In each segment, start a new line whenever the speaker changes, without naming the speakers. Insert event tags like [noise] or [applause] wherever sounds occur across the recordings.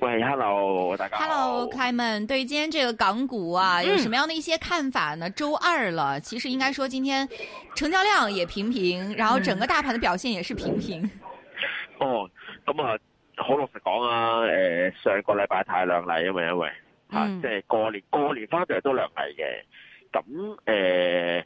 喂，哈嘍大家好！哈嘍
，Kyman 對今天這
個港股啊、嗯，有什麼樣的一些看法呢？周二了，其實應該說今天成交量也平平，然後整個大盤的表現也是平平。
嗯嗯、哦，咁、
嗯、啊，好老實講啊，誒、呃，上個禮拜太靚麗啦，因為因為即係、啊嗯、過年，過年返嚟都靚麗嘅。咁、嗯、誒、呃，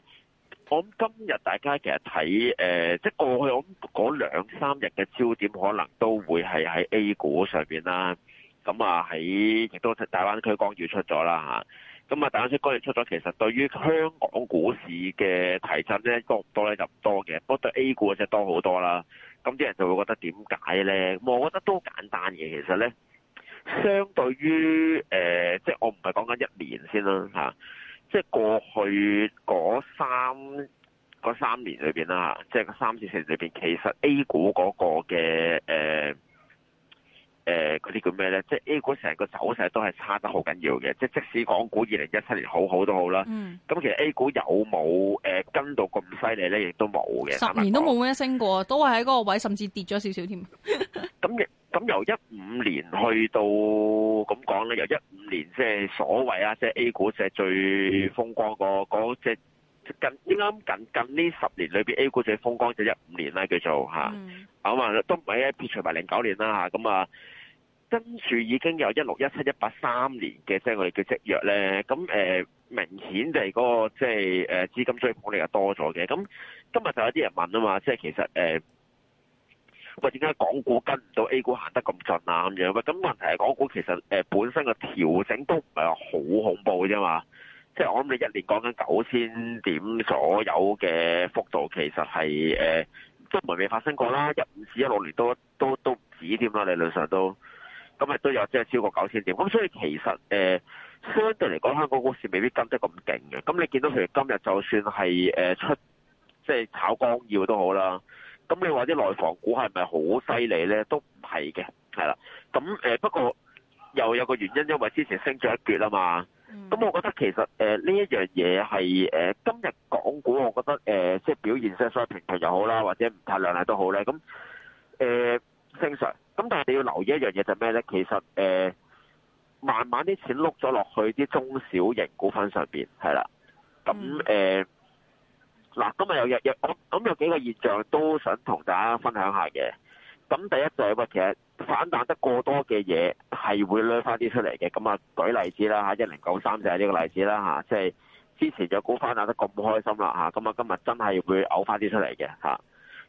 我諗今日大家其實睇誒，即、呃、係過去我諗嗰兩三日嘅焦點，可能都會係喺 A 股上邊啦。咁、嗯、啊，喺亦都係大灣區綱要出咗啦嚇，咁啊大灣區綱要出咗，其實對於香港股市嘅提振咧，多唔多咧就唔多嘅，不過對 A 股啊，就多好多啦。咁啲人就會覺得點解咧？我覺得都簡單嘅，其實咧，相對於誒、呃，即係我唔係講緊一年先啦、啊、即係過去嗰三嗰三年裏面啦、啊、即係三三四年裏面，其實 A 股嗰個嘅誒。呃誒嗰啲叫咩咧？即、就是、A 股成個走勢都係差得好緊要嘅。即、就是、即使港股二零一七年好好都好啦，咁、嗯、其實 A 股有冇誒、呃、跟到咁犀利咧？亦都冇嘅。十
年都冇咩升過，都係喺嗰個位，甚至跌咗少少添。
咁亦咁由一五年去到咁講咧，由一五年即係所謂啊，即、就是、A 股就係最風光、那個嗰隻。嗯，那個就是近啱近近呢十年裏面 A 股最風光就一五年啦，叫做咁啊、嗯、都唔係撇除埋零九年啦咁啊，跟住已經有一六一七一八三年嘅。即、就、係、是、我哋叫積弱咧，咁誒、呃、明顯地嗰、那個即係誒資金追捧力又多咗嘅。咁今日就有啲人問啊嘛，即係其實誒、呃、喂，點解港股跟唔到 A 股行得咁盡啊咁樣？咁問題係港股其實誒、呃、本身個調整都唔係話好恐怖啫嘛。即、我諗你一年講緊九千點左右嘅幅度，其實係誒，即係唔係未發生過啦？一五至一六年都都都唔止添啦，理論上都咁咪都有即係超過九千點。咁所以其實誒、呃，相對嚟講，香港股市未必跟得咁勁嘅。咁你見到譬如今日就算係誒、呃、出即係炒光耀都好啦。咁你話啲內房股係咪好犀利咧？都唔係嘅，係啦。咁誒、呃、不過又有個原因，因為之前升咗一橛啊嘛。咁、嗯、我覺得其實誒呢、呃、一樣嘢係誒今日港股，我覺得誒、呃、即係表現即係所謂平平又好啦，或者唔太亮眼都好呢，咁誒正常。咁、呃、但係你要留意一樣嘢就係咩咧？其實誒、呃、慢慢啲錢碌咗落去啲中小型股份上面係、呃嗯、啦。咁誒嗱，今日有日日我咁有幾個現象都想同大家分享下嘅。咁第一就係其實反彈得過多嘅嘢係會孏翻啲出嚟嘅，咁啊舉例子啦嚇，一零九三就係呢個例子啦吓，即係之前隻股反彈得咁開心啦吓，咁啊今日真係會嘔翻啲出嚟嘅吓，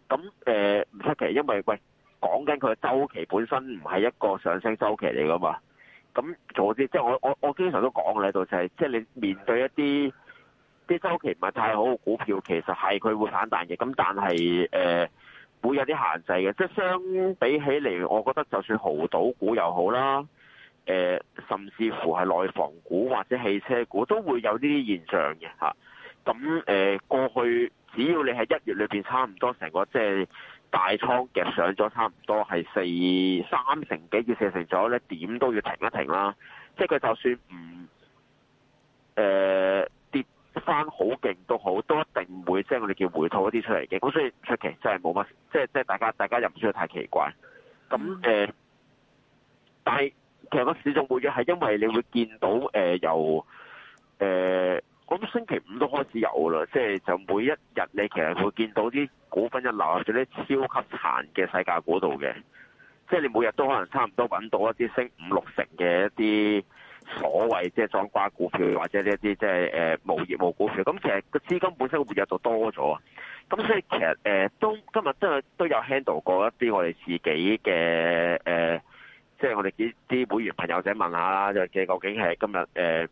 咁誒唔出奇，因為喂講緊佢個周期本身唔係一個上升周期嚟噶嘛，咁做啲即係我我我經常都講嘅喺度就係，即係你面對一啲啲周期唔係太好嘅股票，其實係佢會反彈嘅，咁但係誒。呃會有啲限制嘅，即係相比起嚟，我覺得就算濠賭股又好啦，誒、呃，甚至乎係內房股或者汽車股都會有呢啲現象嘅嚇。咁、啊、誒、呃，過去只要你喺一月裏邊差唔多成個即係、就是、大倉夾上咗差唔多係四三成幾至四成左右，點都要停一停啦。即係佢就算唔誒。呃翻好勁都好，都一定唔會即係、就是、我哋叫回吐一啲出嚟嘅，咁所以出奇真係冇乜，即係即係大家大家入唔出得太奇怪。咁誒、呃，但係其實個市仲會嘅係因為你會見到誒由誒，我諗星期五都開始有啦，即、就、係、是、就每一日你其實會見到啲股份一流或者啲超級殘嘅世界嗰度嘅，即、就、係、是、你每日都可能差唔多搵到一啲升五六成嘅一啲。所謂即係裝瓜股票，或者呢一啲即係誒無業務股票，咁其實個資金本身活躍就多咗，咁所以其實誒、呃、都今日都，都有都有 handle 過一啲我哋自己嘅誒，即、呃、係、就是、我哋啲啲會員朋友仔問一下啦，嘅究竟係今日誒，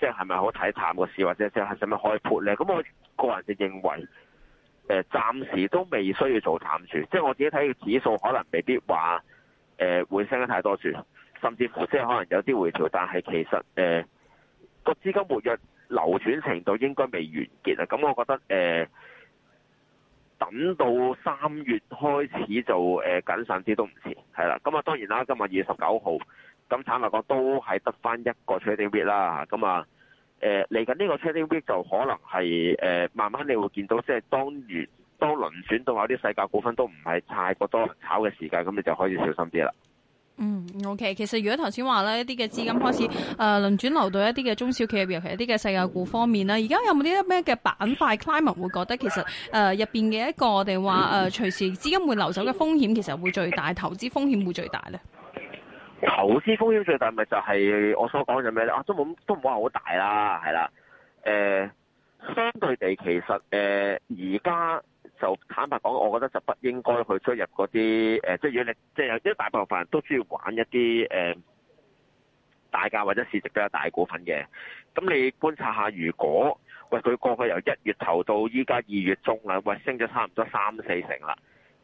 即係係咪好睇淡個市，或者即係係使唔使開盤咧？咁我個人就認為誒、呃，暫時都未需要做淡住，即、就、係、是、我自己睇個指數，可能未必話誒、呃、會升得太多住。甚至乎即係可能有啲回調，但係其實誒個、呃、資金活躍流轉程度應該未完結啊！咁、嗯、我覺得誒、呃、等到三月開始就誒謹慎啲都唔遲係啦。咁啊、嗯、當然啦，今日二月十九號咁坦白講都係得翻一個 trading week 啦。咁啊誒嚟緊呢個 trading week 就可能係誒、呃、慢慢你會見到，即係當月當輪選到某啲世界股份都唔係太過多人炒嘅時間，咁、嗯、你就可以小心啲啦。
嗯，OK，其實如果頭先話咧一啲嘅資金開始誒輪轉流到一啲嘅中小企業入邊，尤其一啲嘅世界股方面咧，而家有冇啲咩嘅板塊 climate 會覺得其實誒入邊嘅一個我哋話誒隨時資金會流走嘅風險，其實會最大，投資風險會最大咧？
投資風險最大咪就係我所講嘅咩咧？都冇都唔好話好大啦，係啦，誒、呃、相對地，其實誒而家。呃就坦白講，我覺得就不應該去追入嗰啲，即係如果你即係有一大部分人都中意玩一啲誒、呃、大價或者市值比較大股份嘅，咁你觀察下，如果喂佢過去由一月頭到依家二月中啦，喂升咗差唔多三四成啦，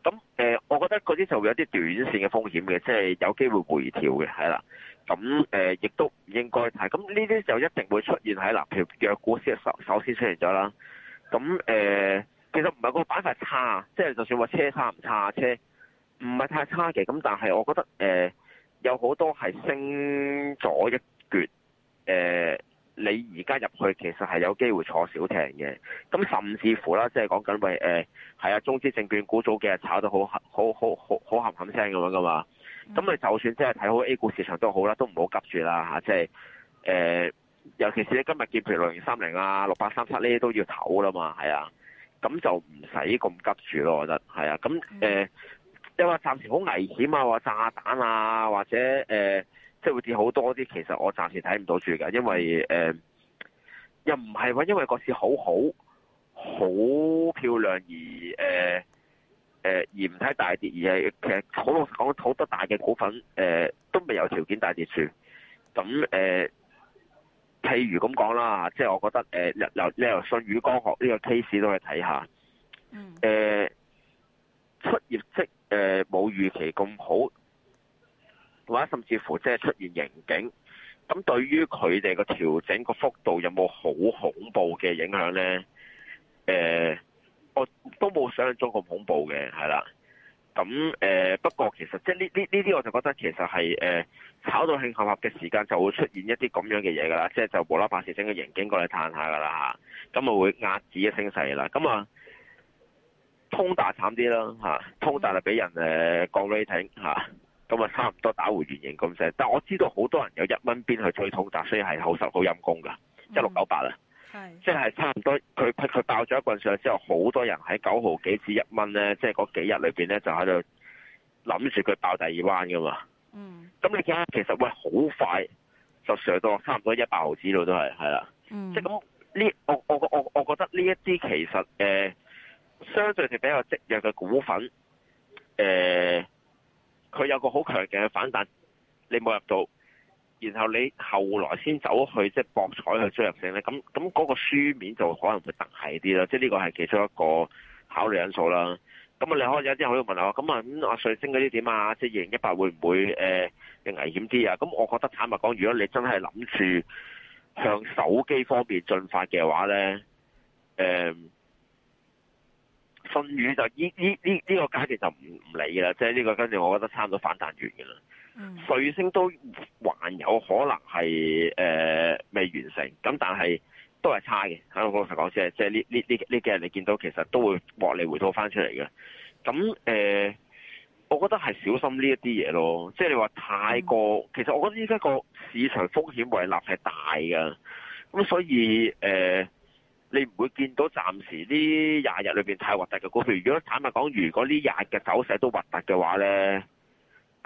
咁誒、呃，我覺得嗰啲就會有啲短線嘅風險嘅，即係有機會回調嘅，係啦，咁誒亦都唔應該睇，咁呢啲就一定會出現喺譬如弱股先首首先出現咗啦，咁誒。呃其實唔係個板塊差，即係就算話車差唔差啊，車唔係太差嘅。咁但係我覺得誒、呃，有好多係升咗一橛。誒、呃，你而家入去其實係有機會坐小艇嘅。咁甚至乎啦，即係講緊咪誒，係、呃、啊，中資證券股早幾日炒到好好好好好冚冚聲咁樣噶嘛。咁你就算即係睇好 A 股市場都好啦，都唔好急住啦吓。即係誒，尤其是你今日見譬如六零三零啊、六八三七呢啲都要唞啦嘛，係啊。咁就唔使咁急住咯，我覺得係啊。咁誒，又、呃、話暫時好危險啊，話炸彈啊，或者誒、呃，即係會跌好多啲。其實我暫時睇唔到住㗎，因為誒、呃，又唔係話因為個市好好好漂亮而誒、呃、而唔睇大跌，而係其實好老實講，好多大嘅股份誒、呃、都未有條件大跌住。咁誒。呃譬如咁講啦，即、就、係、是、我覺得誒由由你由信宇光學呢個 case 都可以睇下，誒、嗯呃、出業績誒冇預期咁好，或者甚至乎即係出現盈警，咁對於佢哋個調整個幅度有冇好恐怖嘅影響咧？誒、呃、我都冇想象中咁恐怖嘅，係啦。咁誒、呃、不過其實即係呢呢呢啲我就覺得其實係誒、呃、炒到興合合嘅時間就會出現一啲咁樣嘅嘢㗎啦，即係就無啦把事整精嘅刑警過嚟探下㗎啦嚇，咁啊會壓止嘅升勢啦。咁啊通達慘啲啦嚇，通達就俾人誒降 rating 嚇，咁啊差唔多打回原形咁聲。但我知道好多人有一蚊邊去追通達，所以係好受好陰功㗎，
一六九八啦。即、
就、係、是、差唔多，佢佢佢爆咗一棍上去之後，好多人喺九毫至、就是、幾至一蚊咧，即係嗰幾日裏邊咧就喺度諗住佢爆第二彎噶嘛。嗯，咁你睇下，其實喂，好快就上到差唔多一百毫紙度都係，係啦。即係咁呢？我我我我覺得呢一啲其實誒、呃、相對性比較積弱嘅股份，誒、呃，佢有個好強勁嘅反彈，你冇入到。然後你後來先走去即係、就是、博彩去追入升咧，咁咁嗰個書面就可能會得係啲啦，即係呢個係其中一個考慮因素啦。咁、嗯、啊，你可以有啲可以問下我，咁啊，阿瑞升嗰啲點啊？即係二零一八會唔會誒危險啲啊？咁我覺得坦白講，如果你真係諗住向手機方面進發嘅話咧，誒、呃，信宇就依依依呢個階段就唔唔理啦，即係、這、呢個跟住我覺得差唔多反彈完噶啦。瑞、嗯、星都還有可能係誒、呃、未完成，咁但係都係差嘅。我講實講先，即係呢呢呢呢幾日你見到其實都會獲利回吐翻出嚟嘅。咁誒、呃，我覺得係小心呢一啲嘢咯。即係你話太過、嗯，其實我覺得依家個市場風險位立係大嘅。咁所以誒、呃，你唔會見到暫時呢廿日裏邊太核突嘅股票。如果坦白講，如果呢廿日嘅走勢都核突嘅話咧。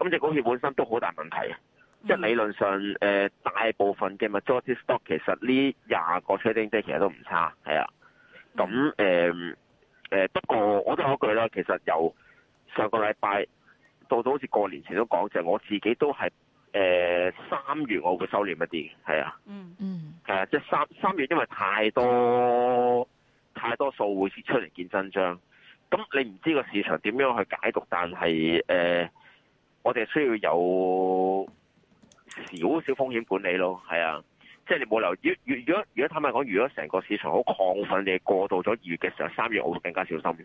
咁隻股票本身都好大問題啊，嗯！即理論上，呃、大部分嘅 majority stock 其實呢廿個 trading day，即其實都唔差，係啊。咁誒、呃呃、不過我都嗰句啦，其實由上個禮拜到到好似過年前都講，就係、是、我自己都係誒三月我會收斂一啲係啊。嗯嗯。啊，即係三三月因為太多太多數會出嚟見真章，咁你唔知個市場點樣去解讀，但係誒。呃我哋需要有少少風險管理咯，係啊，即係你冇留意。如如如果如果坦白講，如果成個市場好亢奮你，你過到咗二月嘅時候，三月我會更加小心。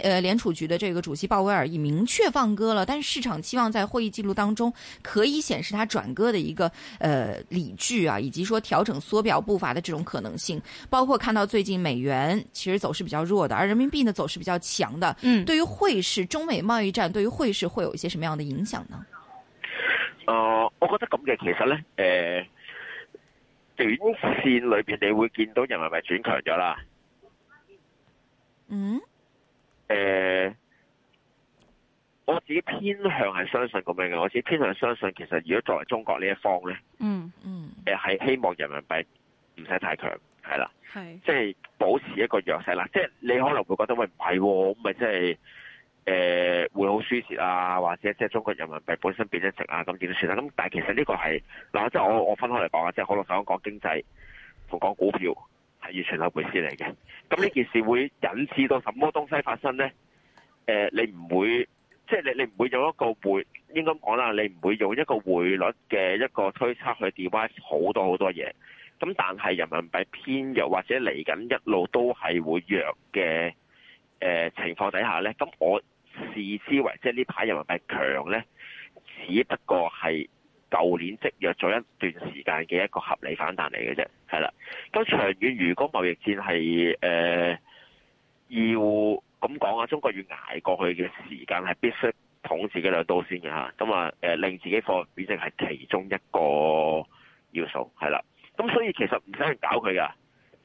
呃，聯儲局的這個主席鮑威爾已明確放歌了，但是市場期望在會議記錄當中可以顯示他轉歌的一個呃理據啊，以及說調整縮表步伐的這種可能性。包括看到最近美元其實走勢比較弱的，而人民幣呢走勢比較強的。嗯，對於匯市，中美貿易戰對於匯市會有一些什麼樣的影響呢？
呃，我覺得咁嘅其實呢，誒、呃，短線裏邊你會見到人民幣轉強咗啦。嗯？誒、呃，我自己偏向係相信咁樣嘅，我自己偏向相信其實如果作為中國呢一方咧，
嗯
嗯，誒、呃、係希望人民幣唔使太強，係啦，
係，即、
就、係、是、保持一個弱勢啦，即、就、係、是、你可能會覺得喂唔係，咁咪即係誒會好輸蝕啊，或者即係中國人民幣本身變得值啊，咁點算啊？咁但係其實呢個係嗱，即係我我分開嚟講啊，即係可能就講、是、經濟同講股票。係完全流背體嚟嘅，咁呢件事會引致到什麼東西發生呢？誒、呃，你唔會，即係你你唔會用一個匯，應該講啦，你唔會用一個匯率嘅一個推測去 device 好多好多嘢。咁但係人民幣偏弱或者嚟緊一路都係會弱嘅誒、呃、情況底下呢，咁我視之為即係呢排人民幣強呢，只不過係。舊年積弱咗一段時間嘅一個合理反彈嚟嘅啫，係啦。咁長遠，如果貿易戰係誒、呃、要咁講啊，中國要捱過去嘅時間係必須捅自己兩刀先嘅嚇。咁啊誒、啊，令自己貨幣貶值係其中一個要素係啦。咁所以其實唔使去搞佢噶，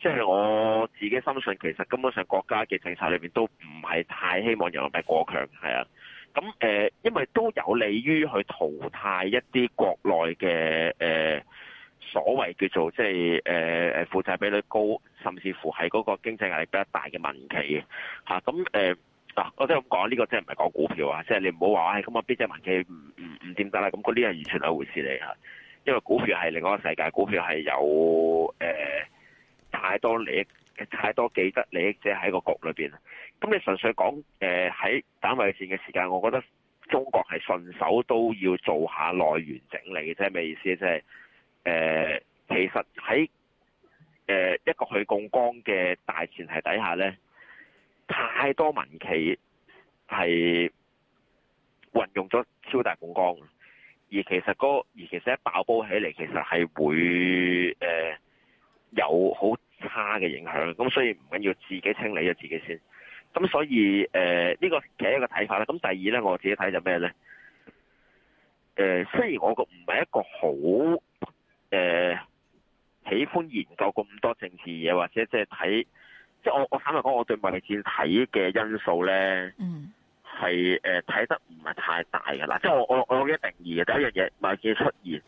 即係我自己深信，其實根本上國家嘅政策裏面都唔係太希望人民幣過強係啊。咁誒，因為都有利於去。派一啲國內嘅誒所謂叫做即係誒誒負債比率高，甚至乎係嗰個經濟壓力比較大嘅民企嘅。咁誒嗱，我即係咁講，呢、這個真係唔係講股票、就是、啊，即係你唔好話，哎咁啊邊隻民企唔唔唔點得啦，咁嗰啲係完全兩回事嚟啊，因為股票係另外一個世界，股票係有誒、呃、太多利益，太多記得利益即係喺個局裏邊。咁你純粹講誒喺打貿易戰嘅時間，我覺得。中國係順手都要做下內源整理，嘅啫，咩意思？即係、呃、其實喺誒、呃、一個去槓桿嘅大前提底下咧，太多民企係運用咗超大槓桿，而其實嗰、那個、而其實一爆煲起嚟，其實係會誒、呃、有好差嘅影響。咁所以唔緊要，自己清理咗自己先。咁所以，誒、呃、呢、這個嘅一個睇法啦，咁第二咧，我自己睇就咩咧？誒、呃、雖然我個唔係一個好誒、呃、喜歡研究咁多政治嘢，或者即係睇，即、就、係、是、我我坦白講，我對貿易戰睇嘅因素咧，係誒睇得唔係太大嘅啦。即、就、係、是、我我我嘅定義嘅第一樣嘢，貿易戰出現，誒、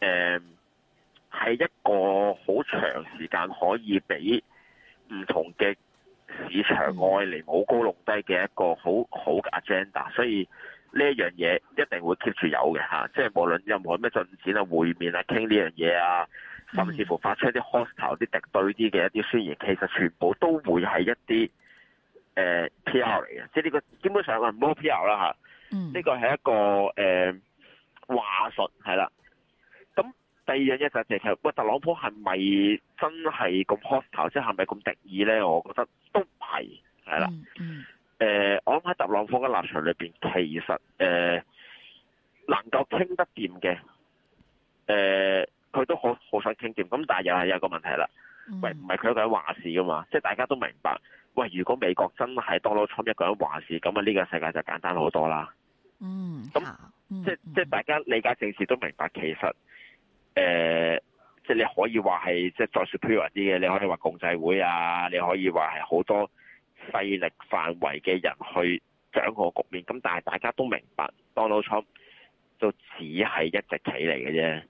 呃、係一個好長時間可以俾唔同嘅。市場愛嚟冇高弄低嘅一個好好嘅 agenda，所以呢一樣嘢一定會 keep 住有嘅嚇，即係無論任何咩進展啊、會面啊、傾呢樣嘢啊，甚至乎發出啲 hostile、啲敵對啲嘅一啲宣言，其實全部都會係一啲誒、呃、PR 嚟嘅，即係呢、呢個基本上係冇 PR 啦嚇，呢個係一個誒、呃、話術係啦。第二樣嘢就係、其實、喂，特朗普係咪真係咁 hostile，即係係咪咁敵意咧？我覺得都係，係啦。嗯、mm-hmm. 呃。我諗喺特朗普嘅立場裏邊，其實誒、呃、能夠傾得掂嘅，誒、呃、佢都好好想傾掂。咁但係又係有一個問題啦。
Mm-hmm. 喂，唔係
佢一個人話事噶嘛？即係大家都明白。喂，如果美國真係 Donald Trump 一個人話事，咁啊呢個世界就簡單好多啦。嗯、
mm-hmm. 咁、mm-hmm.，即係
即係大家理解政治都明白，其實。誒、呃，即係你可以話係即係再 superior 啲嘅，你可以話共濟會啊，你可以話係好多勢力範圍嘅人去掌控局面。咁但係大家都明白，Donald Trump 都只係一隻棋嚟嘅啫。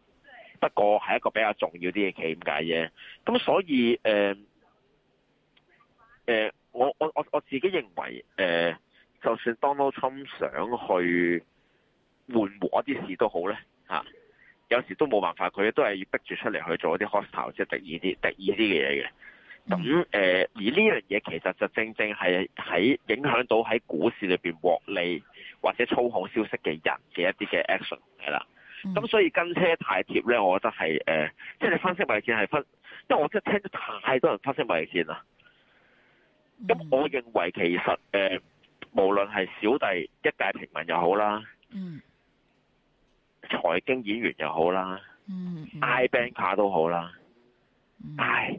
不過係一個比較重要啲嘅棋點解啫？咁所以誒、呃呃、我我我我自己認為、呃、就算 Donald Trump 想去緩和一啲事都好咧、啊有時都冇辦法，佢都係要逼住出嚟去做一啲 hostile 即係敵意啲敵意啲嘅嘢嘅。咁誒、mm. 呃，而呢樣嘢其實就正正係喺影響到喺股市裏面獲利或者操控消息嘅人嘅一啲嘅 action 係啦。咁、mm. 所以跟車太貼咧，我覺得係誒，即、呃、係、你、分析賣線係分，因為我真係聽咗太多人分析賣線啦。咁、mm. 我認為其實誒、呃，無論係小弟一介平民又好啦。嗯、mm.。財經演員又好啦，I banker 都好啦，
嗯，
唉，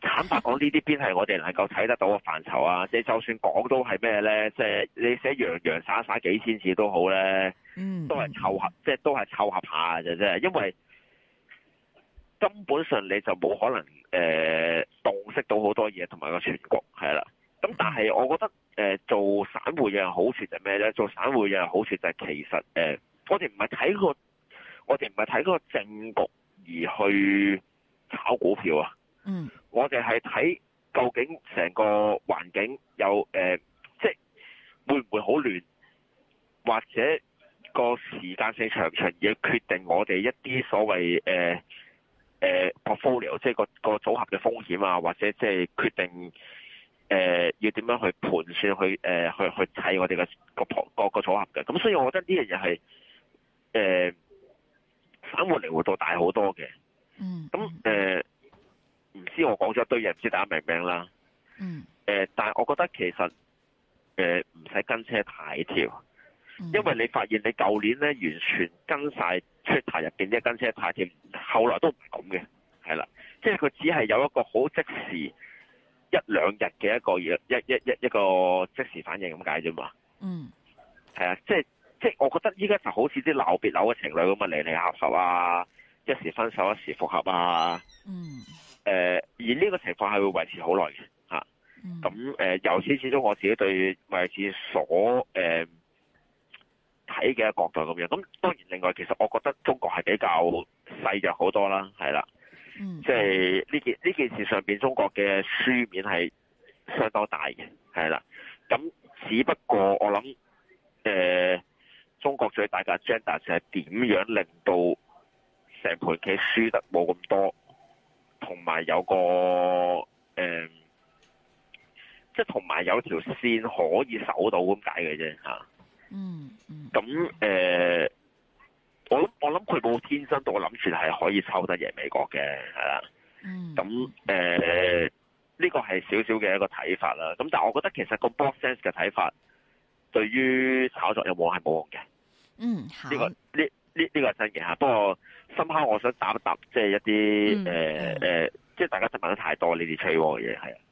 坦白講，呢啲邊係我哋能夠睇得到嘅範疇啊！即係就算講都係咩咧？即係你寫洋洋灑灑幾千字都好咧，都係湊合，即係都係湊合下嘅啫。因為根本上你就冇可能誒、呃、洞悉到好多嘢，同埋個全局係啦。咁但係我覺得誒、呃、做散戶嘅好處就係咩咧？做散戶嘅好處就係其實誒。呃我哋唔係睇個，我哋唔係睇個政局而去炒股票啊。嗯，我哋係睇究竟成個環境有、呃、即係會唔會好亂，或者個時間性長長要決定我哋一啲所謂誒、呃呃、portfolio，即係個個組合嘅風險啊，或者即係決定誒、呃、要點樣去盤算去誒、呃、去去睇我哋嘅、個個、個組合嘅。咁所以我覺得呢樣嘢係。誒、呃，生活靈活度大好多嘅，嗯，咁、呃、誒，唔知我講咗一堆嘢，唔知大家明唔明啦，嗯，誒，但係我覺得其實，誒、呃，唔使跟車太跳，因為你發現你舊年咧完全跟晒 Twitter 入邊啲跟車太跳，後來都唔係咁嘅，係啦，即係佢只係有一個好即時一兩日嘅一個嘢，一一一一,一個即時反應咁解啫嘛，嗯，係啊，即係。即係，我覺得依家就好似啲鬧別扭嘅情侶咁啊，離離合合啊，一時分手，一時復合啊。嗯。而呢個情況係會維持好耐嘅咁誒，嗯、由始始，始終我自己對維持所誒睇嘅角度咁樣。咁當然，另外其實我覺得中國係比較細弱好多啦，係啦。即係呢件呢件事上面，中國嘅輸面係相當大嘅，係啦。咁，只不過我諗誒。呃中國最大嘅 gender 係點樣令到成盤棋輸得冇咁多，同埋有個誒，即係同埋有條線可以守到咁解嘅啫嚇。嗯，咁、嗯、誒、呃，我我諗佢冇天真，我諗住係可以抽得贏美國嘅，係啦。嗯，咁、呃、誒，呢、這個係少少嘅一個睇法啦。咁但係我覺得其實個 box sense 嘅睇法。對於炒作有冇係冇用嘅？
嗯，
呢、呢個呢呢呢個係真嘅吓。不過深刻，我想答一答，即、就、係、是、一啲誒誒，即、嗯、係、呃呃即係、大家就問得太多呢啲吹嘅嘢，係、嗯、啊。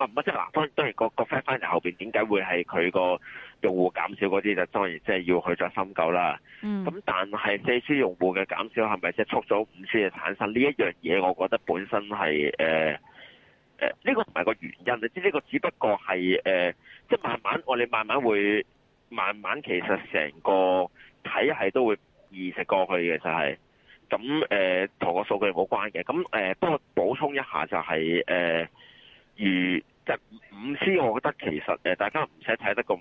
啊，唔係即係嗱，當然當然，個個 friend 翻嚟後面，點解會係佢個用戶減少嗰啲，就當然即係要去再深究啦。
咁、嗯、但
係四 C 用戶嘅減少係咪即係促咗五 C 嘅產生？呢一樣嘢，我覺得本身係誒呢個唔係個原因，你知呢個只不過係誒即係慢慢我哋慢慢會慢慢其實成個體系都會移植過去嘅就係咁，誒同個數據冇關嘅。咁誒不過補充一下就係、是、誒、呃、如。五 C，我覺得其實誒，大家唔使睇得咁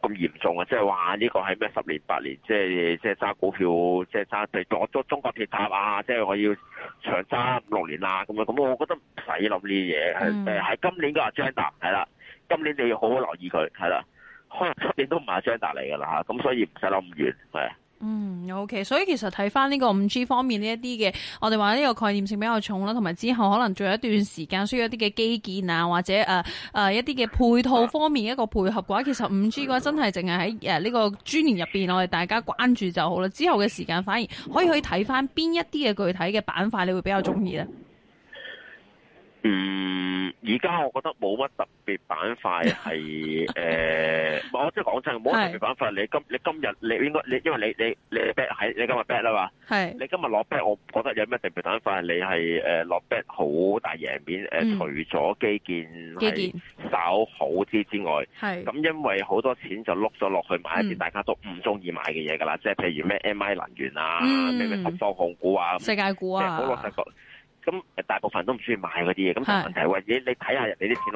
咁嚴重啊！即係話呢個係咩十年八年，即係即係揸股票，即係揸對咗中中國鐵塔啊！即係我要長揸五六年啊。咁樣，咁我覺得唔使諗呢啲嘢。誒、嗯，喺今年嘅阿張達係啦，今年你要好好留意佢係啦，可能出年都唔係張達嚟㗎啦，咁所以唔使諗咁遠係。
嗯，OK，所以其實睇翻呢個五 G 方面呢一啲嘅，我哋話呢個概念性比較重啦，同埋之後可能仲有一段時間需要一啲嘅基建啊，或者誒誒、呃呃、一啲嘅配套方面一個配合嘅話，其實五 G 嘅話真係淨係喺誒呢個專年入邊，我哋大家關注就好啦。之後嘅時間反而可以去睇翻邊一啲嘅具體嘅板塊，你會比較中意咧？
嗯，而家我覺得冇乜特別板塊係誒、 [laughs] 呃，我即係講真，冇乜特，特別板塊。你今你今日你應該你因為你你你 bet 喺你今日 bet 啦嘛，你今日落 bet 我覺得有咩特別板塊你係落 bet 好大贏面、嗯、除咗基，基建，係稍少好啲之外，咁因為好多錢就碌咗落去買一啲大家都唔中意買嘅嘢㗎啦，即係譬如咩 MI 能源啊，咩咩合創控股啊，世
界股啊，即係好落
實
咁大部分都唔需要買嗰啲嘢，咁、那個、問題或者你睇下人哋啲記錄。